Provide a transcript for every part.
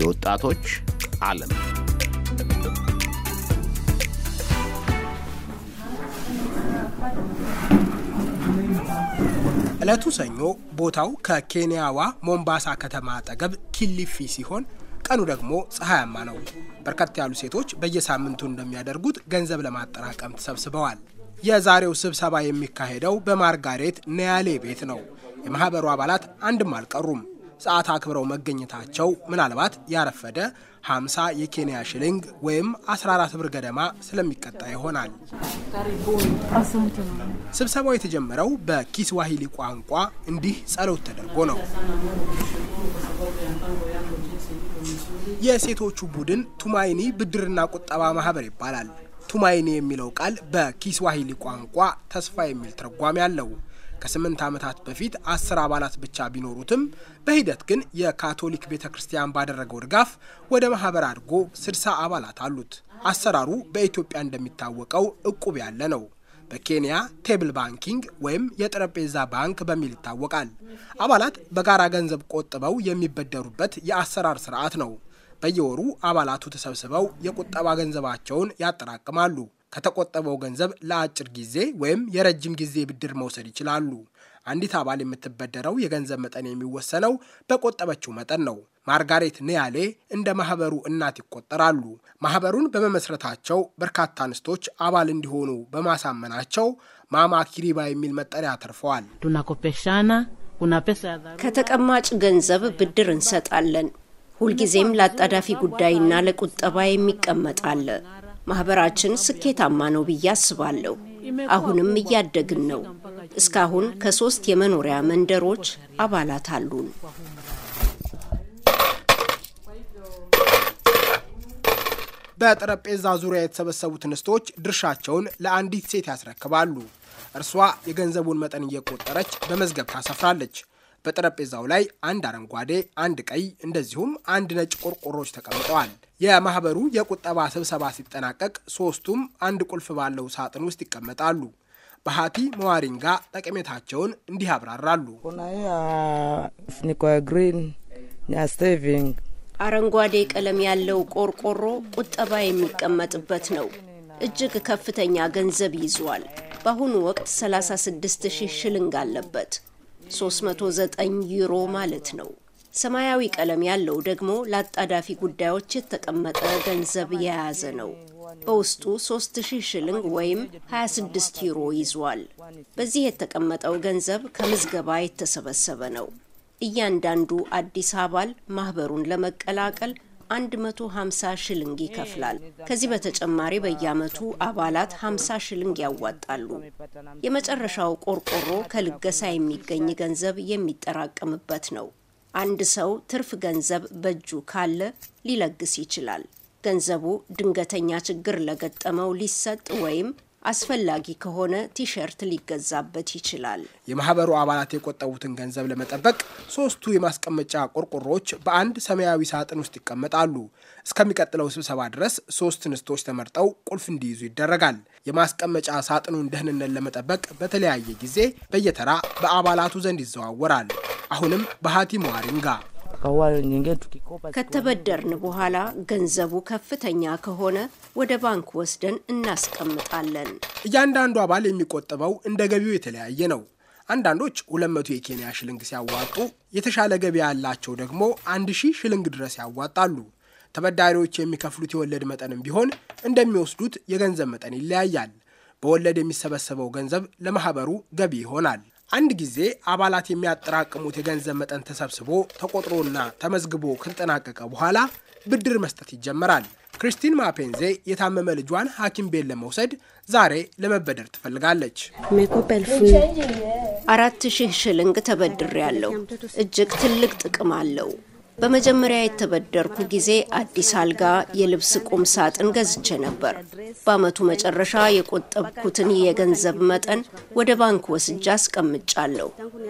የወጣቶች ዓለም ዕለቱ ሰኞ፣ ቦታው ከኬንያዋ ሞምባሳ ከተማ አጠገብ ኪሊፊ ሲሆን ቀኑ ደግሞ ፀሐያማ ነው። በርከት ያሉ ሴቶች በየሳምንቱ እንደሚያደርጉት ገንዘብ ለማጠራቀም ተሰብስበዋል። የዛሬው ስብሰባ የሚካሄደው በማርጋሬት ነያሌ ቤት ነው። የማኅበሩ አባላት አንድም አልቀሩም። ሰዓት አክብረው መገኘታቸው ምናልባት ያረፈደ 50 የኬንያ ሽሊንግ ወይም 14 ብር ገደማ ስለሚቀጣ ይሆናል። ስብሰባው የተጀመረው በኪስዋሂሊ ቋንቋ እንዲህ ጸሎት ተደርጎ ነው። የሴቶቹ ቡድን ቱማይኒ ብድርና ቁጠባ ማህበር ይባላል። ቱማይኒ የሚለው ቃል በኪስዋሂሊ ቋንቋ ተስፋ የሚል ትርጓሜ አለው። ከስምንት ዓመታት በፊት አስር አባላት ብቻ ቢኖሩትም በሂደት ግን የካቶሊክ ቤተ ክርስቲያን ባደረገው ድጋፍ ወደ ማህበር አድጎ ስድሳ አባላት አሉት። አሰራሩ በኢትዮጵያ እንደሚታወቀው እቁብ ያለ ነው። በኬንያ ቴብል ባንኪንግ ወይም የጠረጴዛ ባንክ በሚል ይታወቃል። አባላት በጋራ ገንዘብ ቆጥበው የሚበደሩበት የአሰራር ስርዓት ነው። በየወሩ አባላቱ ተሰብስበው የቁጠባ ገንዘባቸውን ያጠራቅማሉ። ከተቆጠበው ገንዘብ ለአጭር ጊዜ ወይም የረጅም ጊዜ ብድር መውሰድ ይችላሉ። አንዲት አባል የምትበደረው የገንዘብ መጠን የሚወሰነው በቆጠበችው መጠን ነው። ማርጋሬት ንያሌ እንደ ማህበሩ እናት ይቆጠራሉ። ማህበሩን በመመስረታቸው በርካታ አንስቶች አባል እንዲሆኑ በማሳመናቸው ማማ ኪሪባ የሚል መጠሪያ ተርፈዋል። ከተቀማጭ ገንዘብ ብድር እንሰጣለን። ሁልጊዜም ለአጣዳፊ ጉዳይና ለቁጠባ የሚቀመጣለ ማህበራችን ስኬታማ ነው ብዬ አስባለሁ። አሁንም እያደግን ነው። እስካሁን ከሶስት የመኖሪያ መንደሮች አባላት አሉን። በጠረጴዛ ዙሪያ የተሰበሰቡት እንስቶች ድርሻቸውን ለአንዲት ሴት ያስረክባሉ። እርሷ የገንዘቡን መጠን እየቆጠረች በመዝገብ ታሰፍራለች። በጠረጴዛው ላይ አንድ አረንጓዴ፣ አንድ ቀይ እንደዚሁም አንድ ነጭ ቆርቆሮች ተቀምጠዋል። የማህበሩ የቁጠባ ስብሰባ ሲጠናቀቅ ሶስቱም አንድ ቁልፍ ባለው ሳጥን ውስጥ ይቀመጣሉ። በሀቲ መዋሪንጋ ጠቀሜታቸውን እንዲህ ያብራራሉ። አረንጓዴ ቀለም ያለው ቆርቆሮ ቁጠባ የሚቀመጥበት ነው። እጅግ ከፍተኛ ገንዘብ ይዟል። በአሁኑ ወቅት 36 ሺህ ሽልንግ አለበት። 309 ዩሮ ማለት ነው። ሰማያዊ ቀለም ያለው ደግሞ ለአጣዳፊ ጉዳዮች የተቀመጠ ገንዘብ የያዘ ነው። በውስጡ 3000 ሽልንግ ወይም 26 ዩሮ ይዟል። በዚህ የተቀመጠው ገንዘብ ከምዝገባ የተሰበሰበ ነው። እያንዳንዱ አዲስ አባል ማህበሩን ለመቀላቀል 150 ሽልንግ ይከፍላል። ከዚህ በተጨማሪ በየዓመቱ አባላት 50 ሽልንግ ያዋጣሉ። የመጨረሻው ቆርቆሮ ከልገሳ የሚገኝ ገንዘብ የሚጠራቀምበት ነው። አንድ ሰው ትርፍ ገንዘብ በእጁ ካለ ሊለግስ ይችላል። ገንዘቡ ድንገተኛ ችግር ለገጠመው ሊሰጥ ወይም አስፈላጊ ከሆነ ቲሸርት ሊገዛበት ይችላል። የማህበሩ አባላት የቆጠቡትን ገንዘብ ለመጠበቅ ሶስቱ የማስቀመጫ ቆርቆሮዎች በአንድ ሰማያዊ ሳጥን ውስጥ ይቀመጣሉ። እስከሚቀጥለው ስብሰባ ድረስ ሶስት ንስቶች ተመርጠው ቁልፍ እንዲይዙ ይደረጋል። የማስቀመጫ ሳጥኑን ደህንነት ለመጠበቅ በተለያየ ጊዜ በየተራ በአባላቱ ዘንድ ይዘዋወራል። አሁንም በሀቲ ሞዋሪንጋ ከተበደርን በኋላ ገንዘቡ ከፍተኛ ከሆነ ወደ ባንክ ወስደን እናስቀምጣለን። እያንዳንዱ አባል የሚቆጥበው እንደ ገቢው የተለያየ ነው። አንዳንዶች 200 የኬንያ ሽልንግ ሲያዋጡ፣ የተሻለ ገቢ ያላቸው ደግሞ 1000 ሽልንግ ድረስ ያዋጣሉ። ተበዳሪዎች የሚከፍሉት የወለድ መጠንም ቢሆን እንደሚወስዱት የገንዘብ መጠን ይለያያል። በወለድ የሚሰበሰበው ገንዘብ ለማህበሩ ገቢ ይሆናል። አንድ ጊዜ አባላት የሚያጠራቅሙት የገንዘብ መጠን ተሰብስቦ ተቆጥሮና ተመዝግቦ ከተጠናቀቀ በኋላ ብድር መስጠት ይጀመራል። ክሪስቲን ማፔንዜ የታመመ ልጇን ሐኪም ቤት ለመውሰድ ዛሬ ለመበደር ትፈልጋለች። አራት ሺህ ሽልንግ ተበድሬ ያለው እጅግ ትልቅ ጥቅም አለው። በመጀመሪያ የተበደርኩ ጊዜ አዲስ አልጋ፣ የልብስ ቁም ሳጥን ገዝቼ ነበር። በአመቱ መጨረሻ የቆጠብኩትን የገንዘብ መጠን ወደ ባንክ ወስጃ አስቀምጫለሁ።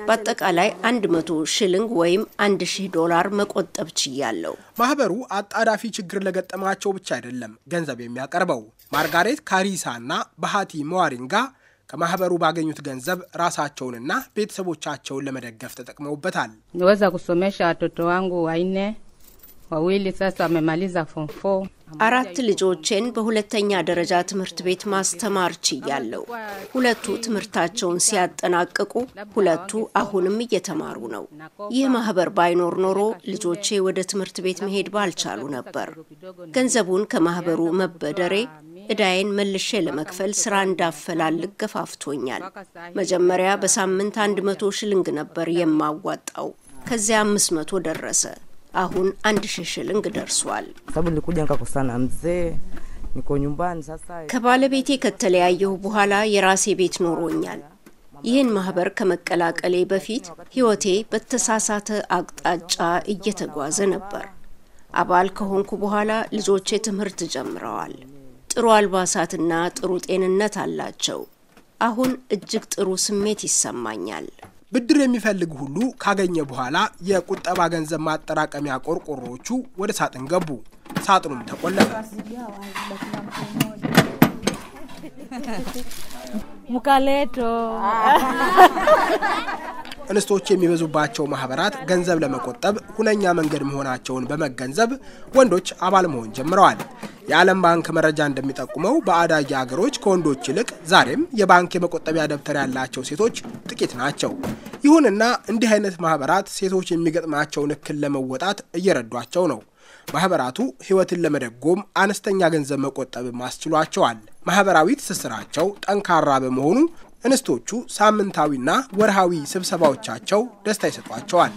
በአጠቃላይ 100 ሽልንግ ወይም 1000 ዶላር መቆጠብ ችያለሁ። ማህበሩ አጣዳፊ ችግር ለገጠማቸው ብቻ አይደለም ገንዘብ የሚያቀርበው ማርጋሬት ካሪሳ እና ባሃቲ መዋሪንጋ ከማህበሩ ባገኙት ገንዘብ ራሳቸውንና ቤተሰቦቻቸውን ለመደገፍ ተጠቅመውበታል። ወዛ ኩሶሜሻ አቶቶ ዋንጉ waine wawili ሳሳ መማሊዛ ፎንፎ አራት ልጆቼን በሁለተኛ ደረጃ ትምህርት ቤት ማስተማር ችያለሁ። ሁለቱ ትምህርታቸውን ሲያጠናቅቁ፣ ሁለቱ አሁንም እየተማሩ ነው። ይህ ማህበር ባይኖር ኖሮ ልጆቼ ወደ ትምህርት ቤት መሄድ ባልቻሉ ነበር። ገንዘቡን ከማህበሩ መበደሬ እዳዬን መልሼ ለመክፈል ስራ እንዳፈላልግ ገፋፍቶኛል። መጀመሪያ በሳምንት አንድ መቶ ሽልንግ ነበር የማዋጣው። ከዚያ አምስት መቶ ደረሰ። አሁን አንድ ሺህ ሽልንግ ደርሷል። ከባለቤቴ ከተለያየሁ በኋላ የራሴ ቤት ኖሮኛል። ይህን ማህበር ከመቀላቀሌ በፊት ህይወቴ በተሳሳተ አቅጣጫ እየተጓዘ ነበር። አባል ከሆንኩ በኋላ ልጆቼ ትምህርት ጀምረዋል። ጥሩ አልባሳትና ጥሩ ጤንነት አላቸው። አሁን እጅግ ጥሩ ስሜት ይሰማኛል። ብድር የሚፈልግ ሁሉ ካገኘ በኋላ የቁጠባ ገንዘብ ማጠራቀሚያ ቆርቆሮዎቹ ወደ ሳጥን ገቡ። ሳጥኑም ተቆለፈ። ሙካሌቶ እንስቶች የሚበዙባቸው ማህበራት ገንዘብ ለመቆጠብ ሁነኛ መንገድ መሆናቸውን በመገንዘብ ወንዶች አባል መሆን ጀምረዋል። የዓለም ባንክ መረጃ እንደሚጠቁመው በአዳጊ አገሮች ከወንዶች ይልቅ ዛሬም የባንክ የመቆጠቢያ ደብተር ያላቸው ሴቶች ጥቂት ናቸው። ይሁንና እንዲህ አይነት ማህበራት ሴቶች የሚገጥማቸውን እክል ለመወጣት እየረዷቸው ነው። ማህበራቱ ህይወትን ለመደጎም አነስተኛ ገንዘብ መቆጠብ ማስችሏቸዋል። ማህበራዊ ትስስራቸው ጠንካራ በመሆኑ እንስቶቹ ሳምንታዊና ወርሃዊ ስብሰባዎቻቸው ደስታ ይሰጧቸዋል።